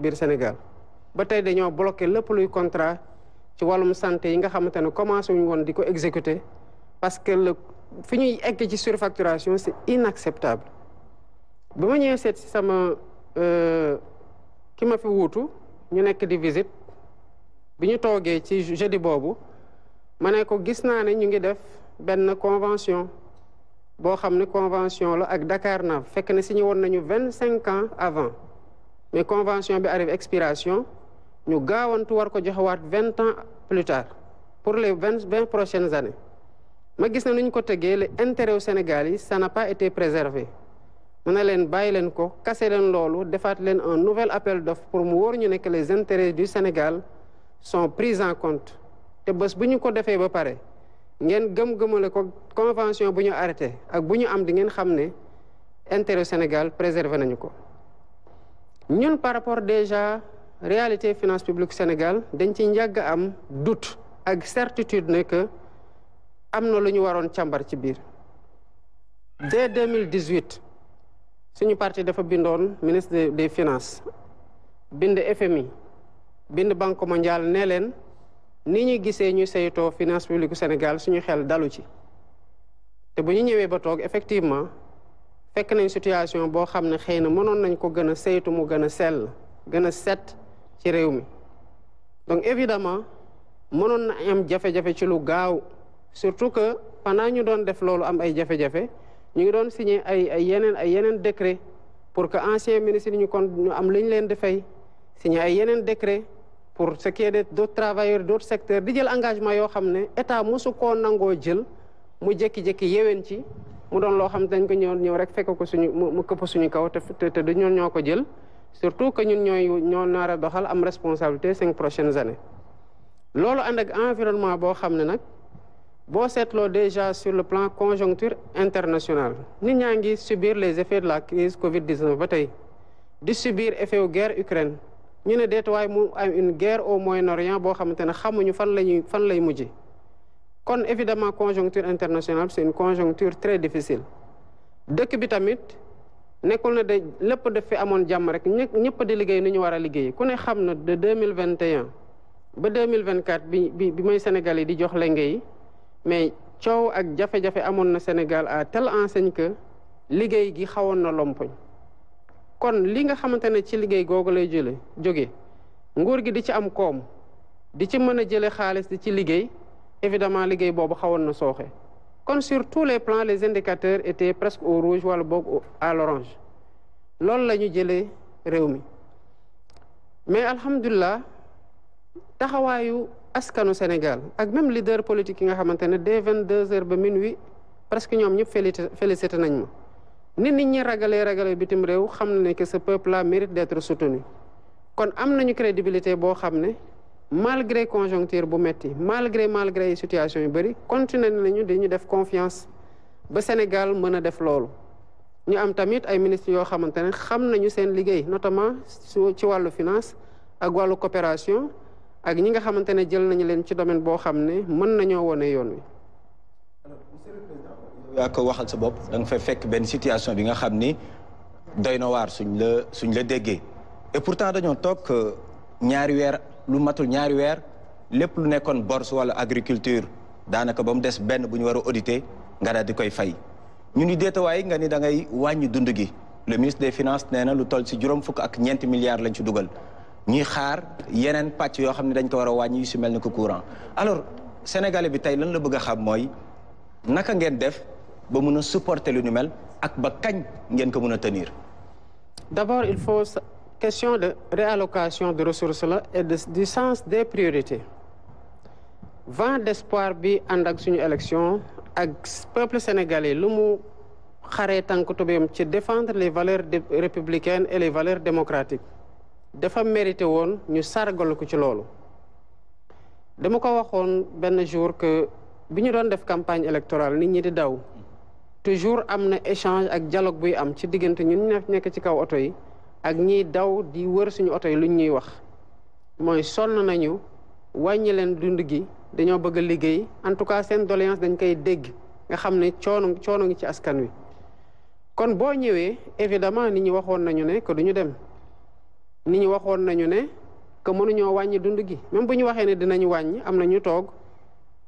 biir Sénégal ba tey dañoo bloqué lépp luy contrat ci wàllum santé yi nga xamante ne commencé wuñ woon di ko exécuter parce que le fi ñuy egg ci surfacturation c'est inacceptable ba ma ñëwee seet si sama euh, ki ma fi wuutu ñu nekk di visite bi ñu toogee ci jeudi boobu ma ne ko gis naa ne ñu ngi def benn convention boo xam ne convention la ak naa fekk na signé woon nañu vingt cinq ans avant mais convention bi arrive expiration ñu gaawantu war ko joxewaat vingt ans plus tard pour les vingt vingt prochaines années ma gis na nu ko tegee le intérêt au Sénégal yi ça n'a pas été préservé mu ne leen bàyyi leen ko kase leen loolu defaat leen un nouvel appel d'offre pour mu wóor ñu ne que les intérêts du Sénégal sont pris en compte te bës bu ñu ko defee ba pare ngeen gëm-gëmale ko convention bu ñu arrêté ak bu ñu am di ngeen xam ne intérêt Sénégal préservé nañu ko ñun par rapport déjà réalité finance publique Sénégal dañ ci njàgg am doute ak certitude ne am na lu ñu waroon càmbar ci biir dès 2018 suñu parti dafa bindoon ministre des finance bind FMI bind banque mondiale ne leen ni ñuy gisee ñu sayto finance publique Sénégal suñu xel dalu ci te bu ñu ñëwee ba toog effectivement fekk nañ situation boo xam ne xëy na mënoon nañ ko gën a saytu mu gën a sell gën a set ci réew mi donc évidemment mënoon na am jafe-jafe ci lu gaaw surtout que pendant ñu doon def loolu am ay jafe-jafe ñu ngi doon signé ay ay yeneen ay yeneen décret pour que ancien ministre ñu kon ñu am li ñu leen di fay signé ay yeneen décret pour ce qui est des d'autres travailleurs d'autres secteurs di jël engagement yoo xam ne état mosu koo nangoo jël mu jékki-jékki yéwén ci mu doon loo xam dañ ko ñëw ñëw rek fekk ko suñu mu këpp suñu kaw te te du ñoo ñoo ko jël surtout que ñun ñooy ñoo naar a doxal am responsabilité cinq prochaines années loolu ànd ak environnement boo xam ne nag boo seetloo déjà sur le plan conjoncture internationale nit ñaa ngi subir les effets de la crise Covid 19 ba tey di subir effet wu guerre Ukraine ñu ne deetuwaay mu am une guerre au Moyen-Orient boo xamante ne xamuñu fan lañuy fan lay mujj kon évidemment conjoncture internationale c'est seen conjoncture très difficile dëkk bi tamit nekkul na de lépp daf fi amoon jàmm rek ñëpp di liggéey ni ñu war a liggéey ku ne xam na de mille vingt et ba deux mille vingt quatre bi bi bi may Sénégal yi di jox lenge yi mais coow ak jafe-jafe amoon na Sénégal à telle enseigne que liggéey gi xawoon na lompoñ kon li nga xamante ne ci liggéey googu lay jële jóge nguur gi di ci am koom di ci mën a jële xaalis di ci liggéey évidemment liggéey boobu xawoon na sooxe kon sur tous les plans les indicateurs étaient presque au rouge wala boog à l'orange loolu la ñu jëlee réew mi mais alhamdulilah taxawaayu askanu Sénégal ak même leader politique yi nga xamante ne dès vingt deux heures ba minuit presque ñoom ñëpp félicité félicité nañ ma nit nit ñi ragalee ragalee bitim réew xam na ne que ce peuple là mérite d'être soutenu kon am nañu crédibilité boo xam ne malgré conjoncture bu métti malgré malgré situation yu bëri continuer nañu dañu def confiance ba Sénégal mën a def loolu ñu am tamit ay ministres yoo xamante ne xam nañu seen liggéey notamment su ci wàllu finance ak wàllu coopération ak ñi nga xamante ne jël nañu leen ci domaine boo xam ne mën nañoo wone yoon wi. yaa ko waxal sa bopp da nga fay fekk benn situation bi nga xam ni doy na waar suñ la suñ la déggee et pourtant dañoo toog euh, ñaari weer. lu matul ñaari weer lépp lu nekkoon borse wala agriculture daanaka ba mu des benn bu ñu war a auditer nga daal di koy fay ñu ni déetawaay nga ni da ngay wàññi dund gi le ministre des finances nee na lu toll si juróom fukk ak ñeenti milliards lañ ci dugal ñuy xaar yeneen pàcc yoo xam ne dañ ko war a wàññi yu si mel ni ku courant alors sénégalais bi tey lan la bëgg xam mooy naka ngeen def ba mun a supporter lu ñu mel ak ba kañ ngeen ko mun a tenir d'abord question de réallocation de ressources la et de, du sens des priorités vent d'espoir bi ànd ak suñu élection ak peuple sénégalais lu mu xaree tànk tubéyam ci défendre les valeurs républicaines et les valeurs démocratiques dafa mérité woon ñu sargale ko ci loolu dama ko waxoon benn jours que bi ñu doon def campagne électorale nit ñi di daw toujours am na échange ak dialogue buy am ci diggante ñun nekk ci kaw oto yi ak ñiy daw di wër suñu oto yi luñ ñuy wax mooy sonn nañu wàññi leen dund gi dañoo bëgg liggéey en tout cas seen doléance dañ koy dégg nga xam ne coono coono ngi ci askan wi. kon boo ñëwee évidemment ni ñi waxoon nañu ne que duñu dem ni ñi waxoon nañu ne que mënuñoo wàññi dund gi même bu ñu waxee ne dinañu wàññi am na ñu toog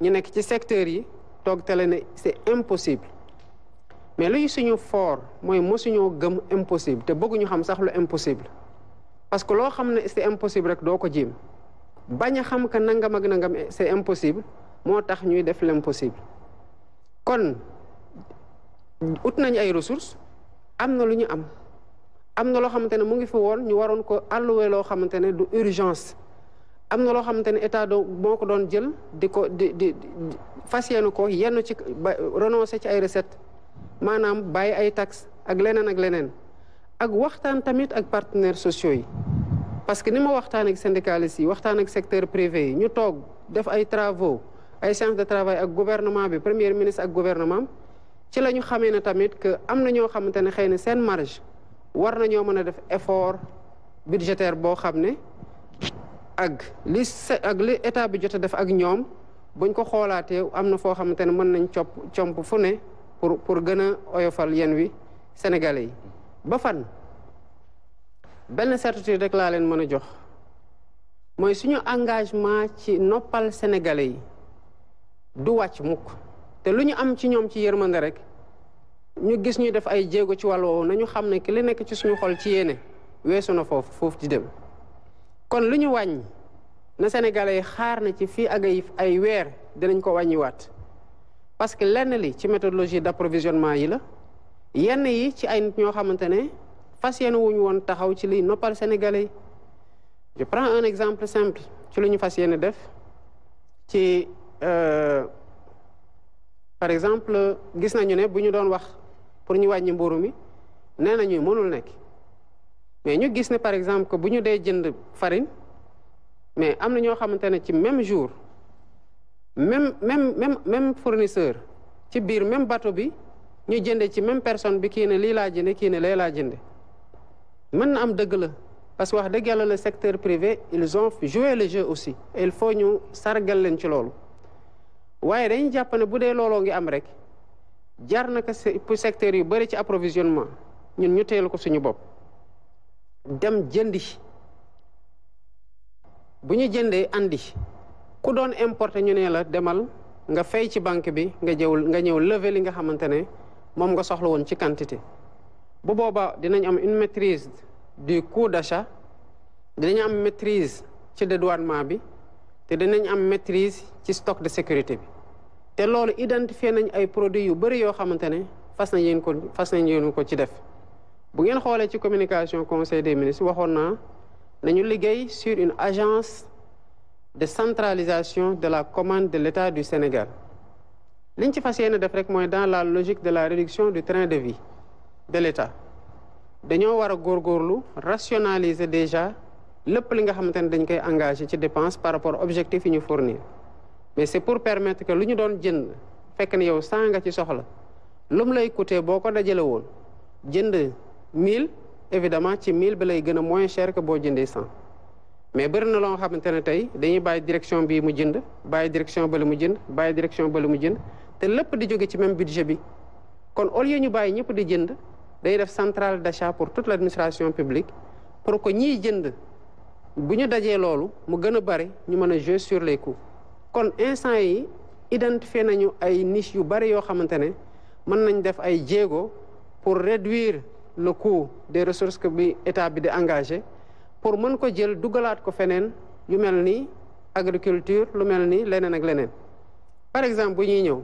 ñu nekk ci secteur yi toog tele ne c'est impossible. mais luy suñu fort mooy mosuñoo gëm impossible te bëgguñu xam sax lu impossible parce que loo xam ne c'est impossible rek doo ko jéem bañ a xam ka nangam ak nangam c'est impossible moo tax ñuy def l'impossible kon ut nañ ay ressources am na lu ñu am am na loo xamante ne mu ngi fi woon ñu waroon ko alloué loo xamante ne du urgence am na loo xamante ne état doo moo ko doon jël di ko di di fas yéene ko yenn ci ba renoncé ci ay recettes maanaam bàyyi ay taxes ak leneen ak leneen ak waxtaan tamit ak partenaires sociaux yi parce que ni ma waxtaan ak syndicalistes yi waxtaan ak secteur privé yi ñu toog def ay travaux ay séances de travail ak gouvernement bi premier ministre ak gouvernement ci la ñu xamee ne tamit que am na ñoo xamante ne xëy na seen marge war nañoo mën a def effort budgétaire boo xam ne ak li ak état bi jot a def ak ñoom buñ ko xoolaatee am na foo xamante ne mën nañ copp comp fu ne pour pour gën a oyofal yéen wi sénégalais yi ba fan benn certitude rek laa leen mën a jox mooy suñu engagement ci noppal sénégalais yi du wàcc mukk te lu ñu am ci ñoom ci yërmande rek ñu gis ñu def ay jéego ci wàll woowu nañu xam ne ki li nekk ci suñu xol ci yéene weesu na foofu foofu di dem kon lu ñu wàññi na sénégalais yi xaar na ci fii ak ay weer dinañ ko wàññiwaat parce que lenn li ci méthodologie d'approvisionnement yi la yenn yi ci ay nit ñoo xamante ne fas yéene wuñu woon taxaw ci liy noppal sénégalais yi je prends un exemple simple ci lu ñu fas yéene def ci euh, par exemple gis nañu ne bu ñu doon wax pour ñu wàññi mburu mi nee nañu mënul nekk mais ñu gis ne par exemple ko bu ñu dee jënd farine mais am na ñoo xamante ne ci même jour même même même même fournisseur ci biir même bateau bi ñu jënde ci même personne bi kii ne lii laa jënde kii ne lee laa jënde mën na am dëgg la parce que wax dëgg yàlla le secteur privé ils ont joué le jeu aussi il faut ñu sargal leen ci loolu waaye dañu jàpp ne bu dee looloo ngi am rek jar na ko secteur yu bëri ci approvisionnement ñun ñu teel ko suñu bopp dem jëndi bu ñu jëndee andi ku doon importer ñu ne la demal nga fay ci banque bi nga jëw nga ñëw lever li nga xamante ne moom nga soxla woon ci quantité bu boobaa dinañ am une maîtrise du coût d'achat dinañ am maîtrise ci dédouanement bi te dinañ am maîtrise ci stock de sécurité bi te loolu identifier nañ ay produits yu bëri yoo xamante ne fas nañ yéen ko fas nañ yéen ko ci def bu ngeen xoolee ci communication conseil des ministres waxoon naa nañu liggéey sur une agence de centralisation de la commande de l'État du Sénégal liñ ci fas yéene def rek mooy dans la logique de la réduction du train de vie de l'État dañoo war a góorlu rationaliser déjà lépp li nga xamante ne dañ koy engagé ci dépense par rapport objectif yi ñu fournir mais c'est pour permettre que lu ñu doon jënd fekk ne yow saa nga ci soxla lu lay coûter boo ko dajalee woon jënd 1000 évidemment ci 1000 bi lay gën a moins cher que boo jëndee 100 mais bëri na loo xamante ne tey dañuy bàyyi direction bii mu jënd bàyyi direction bale mu jënd bàyyi direction bale mu jënd te lépp di jóge ci même budget bi kon au ñu bàyyi ñëpp di jënd day def centrale d'achat pour toute l'administration publique pour que ñiy jënd bu ñu dajee loolu mu gën a bëri ñu mën a jouer sur les coûts kon instant yi identifié nañu ay niche yu bëri yoo xamante ne mën nañ def ay jéego pour réduire le coût des ressources que bi état bi di engagé pour mën ko jël dugalaat ko feneen yu mel nii agriculture lu mel nii leneen ak leneen par exemple bu ñuy ñëw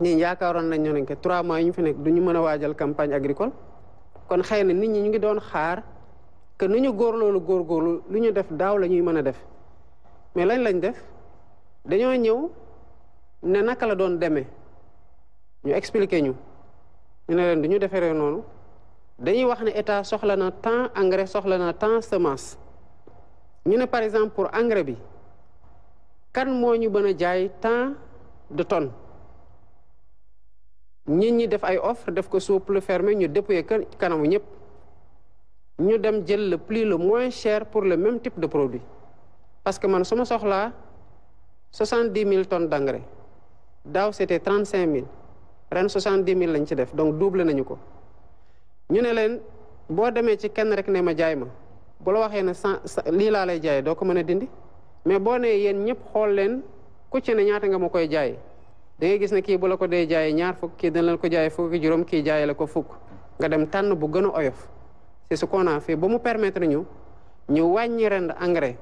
ñun yaakaaroon nañ ne que trois mois yu ñu fi nekk du ñu mën a waajal campagne agricole kon xëy na nit ñi ñu ngi doon xaar que nu ñu góorloolu góorgóorlu lu ñu def daaw la ñuy mën a def mais lañ lañ def dañoo ñëw ne naka la doon demee ñu expliqué ñu ñu ne leen du ñu deferee noonu. dañuy wax ne état soxla na temps engrais soxla na temps semence ñu ne par exemple pour engrais bi kan moo ñu mën a jaay temps de tonnes nit ñi def ay offre def ko sous pli fermé ñu dépouiller kanamu ñëpp ñu dem jël le prix le moins cher pour le même type de produit parce que man su ma soxlaa soixante dix mille tonnes d' engrais daaw c' était trente cinq mille ren soixante dix mille lañ ci def donc double nañu ko. ñu ne leen boo demee ci kenn rek ne ma jaay ma bu la waxee ne sa lii laa lay jaay doo ko mën a dindi mais boo nee yéen ñëpp xool leen ku ci ne ñaata nga ma koy jaay da gis ne kii bu la ko dee jaayee ñaar fukk kii dana leen ko jaayee fukki juróom kii jaayee la ko fukk nga dem tànn bu gën a oyof c'est ce qu'on ba mu permettre ñu ñu wàññi ren engrais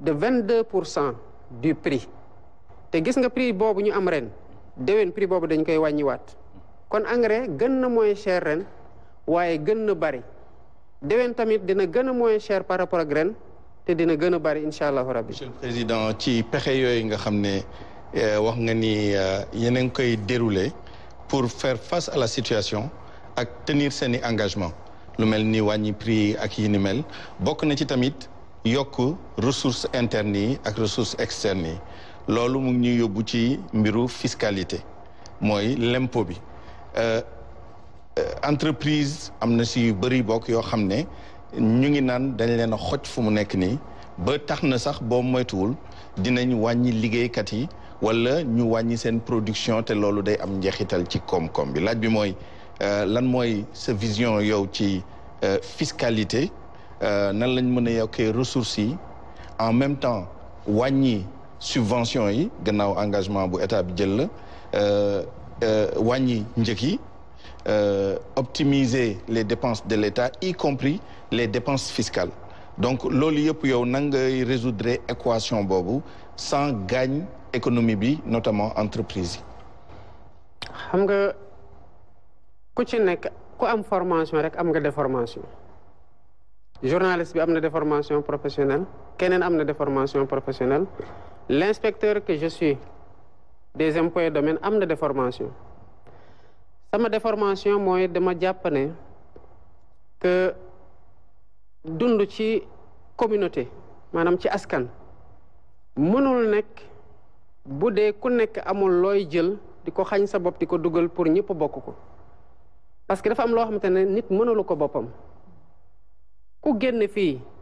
de vingt deux pour cent du prix te gis nga prix boobu ñu am ren déwén prix boobu dañ koy wàññiwaat kon engrais gën na mooy cher ren. waaye gën na bari déwén tamit dina gën a moins cher par rapport ak ren te dina gën a bari incha allahu rabbi. monsieur le président ci pexe yooyu nga xam ne eh, wax nga ni eh, yéen a ngi koy dérouler pour fair face à la situation ak tenir seen i engagement lu mel ni wàññi prix ak yi ni mel bokk na ci tamit yokk ressource internes yi ak ressource externes yi loolu mu ñuy yóbbu ci mbiru fiscalité mooy lempo bi. Eh, Euh, entreprise am na si yu bëri bokk yoo xam ne ñu ngi naan dañ leen a xoj fu mu nekk nii ba tax na sax boo moytuwul dinañ wàññi liggéeykat yi wala ñu wàññi seen production te loolu day am njeexital ci koom-koom bi laaj bi mooy euh, lan mooy sa vision yow ci euh, fiscalité nan lañ mën a yokkee ressource yi en même temps wàññi subvention yi gannaaw engagement bu état bi jël la wàññi njëg yi euh, optimiser les dépenses de l'État, y compris les dépenses fiscales. Donc loolu yëpp yow na ngay résoudre équation boobu sans gagne économie bi notamment entreprise yi. xam nga ku ci nekk ku am formation rek am nga déformation journaliste bi am na déformation professionnelle keneen am na déformation professionnelle l'inspecteur que je suis des impôts et domaines am na déformation. sama deformation mooy dama jàpp ne dund ci communauté maanaam ci askan mënul nekk bu dee ku nekk amul looy jël di ko xañ sa bopp di ko dugal pour ñëpp bokk ko parce que dafa am loo xamante ne nit mënulu ko boppam ku génne fii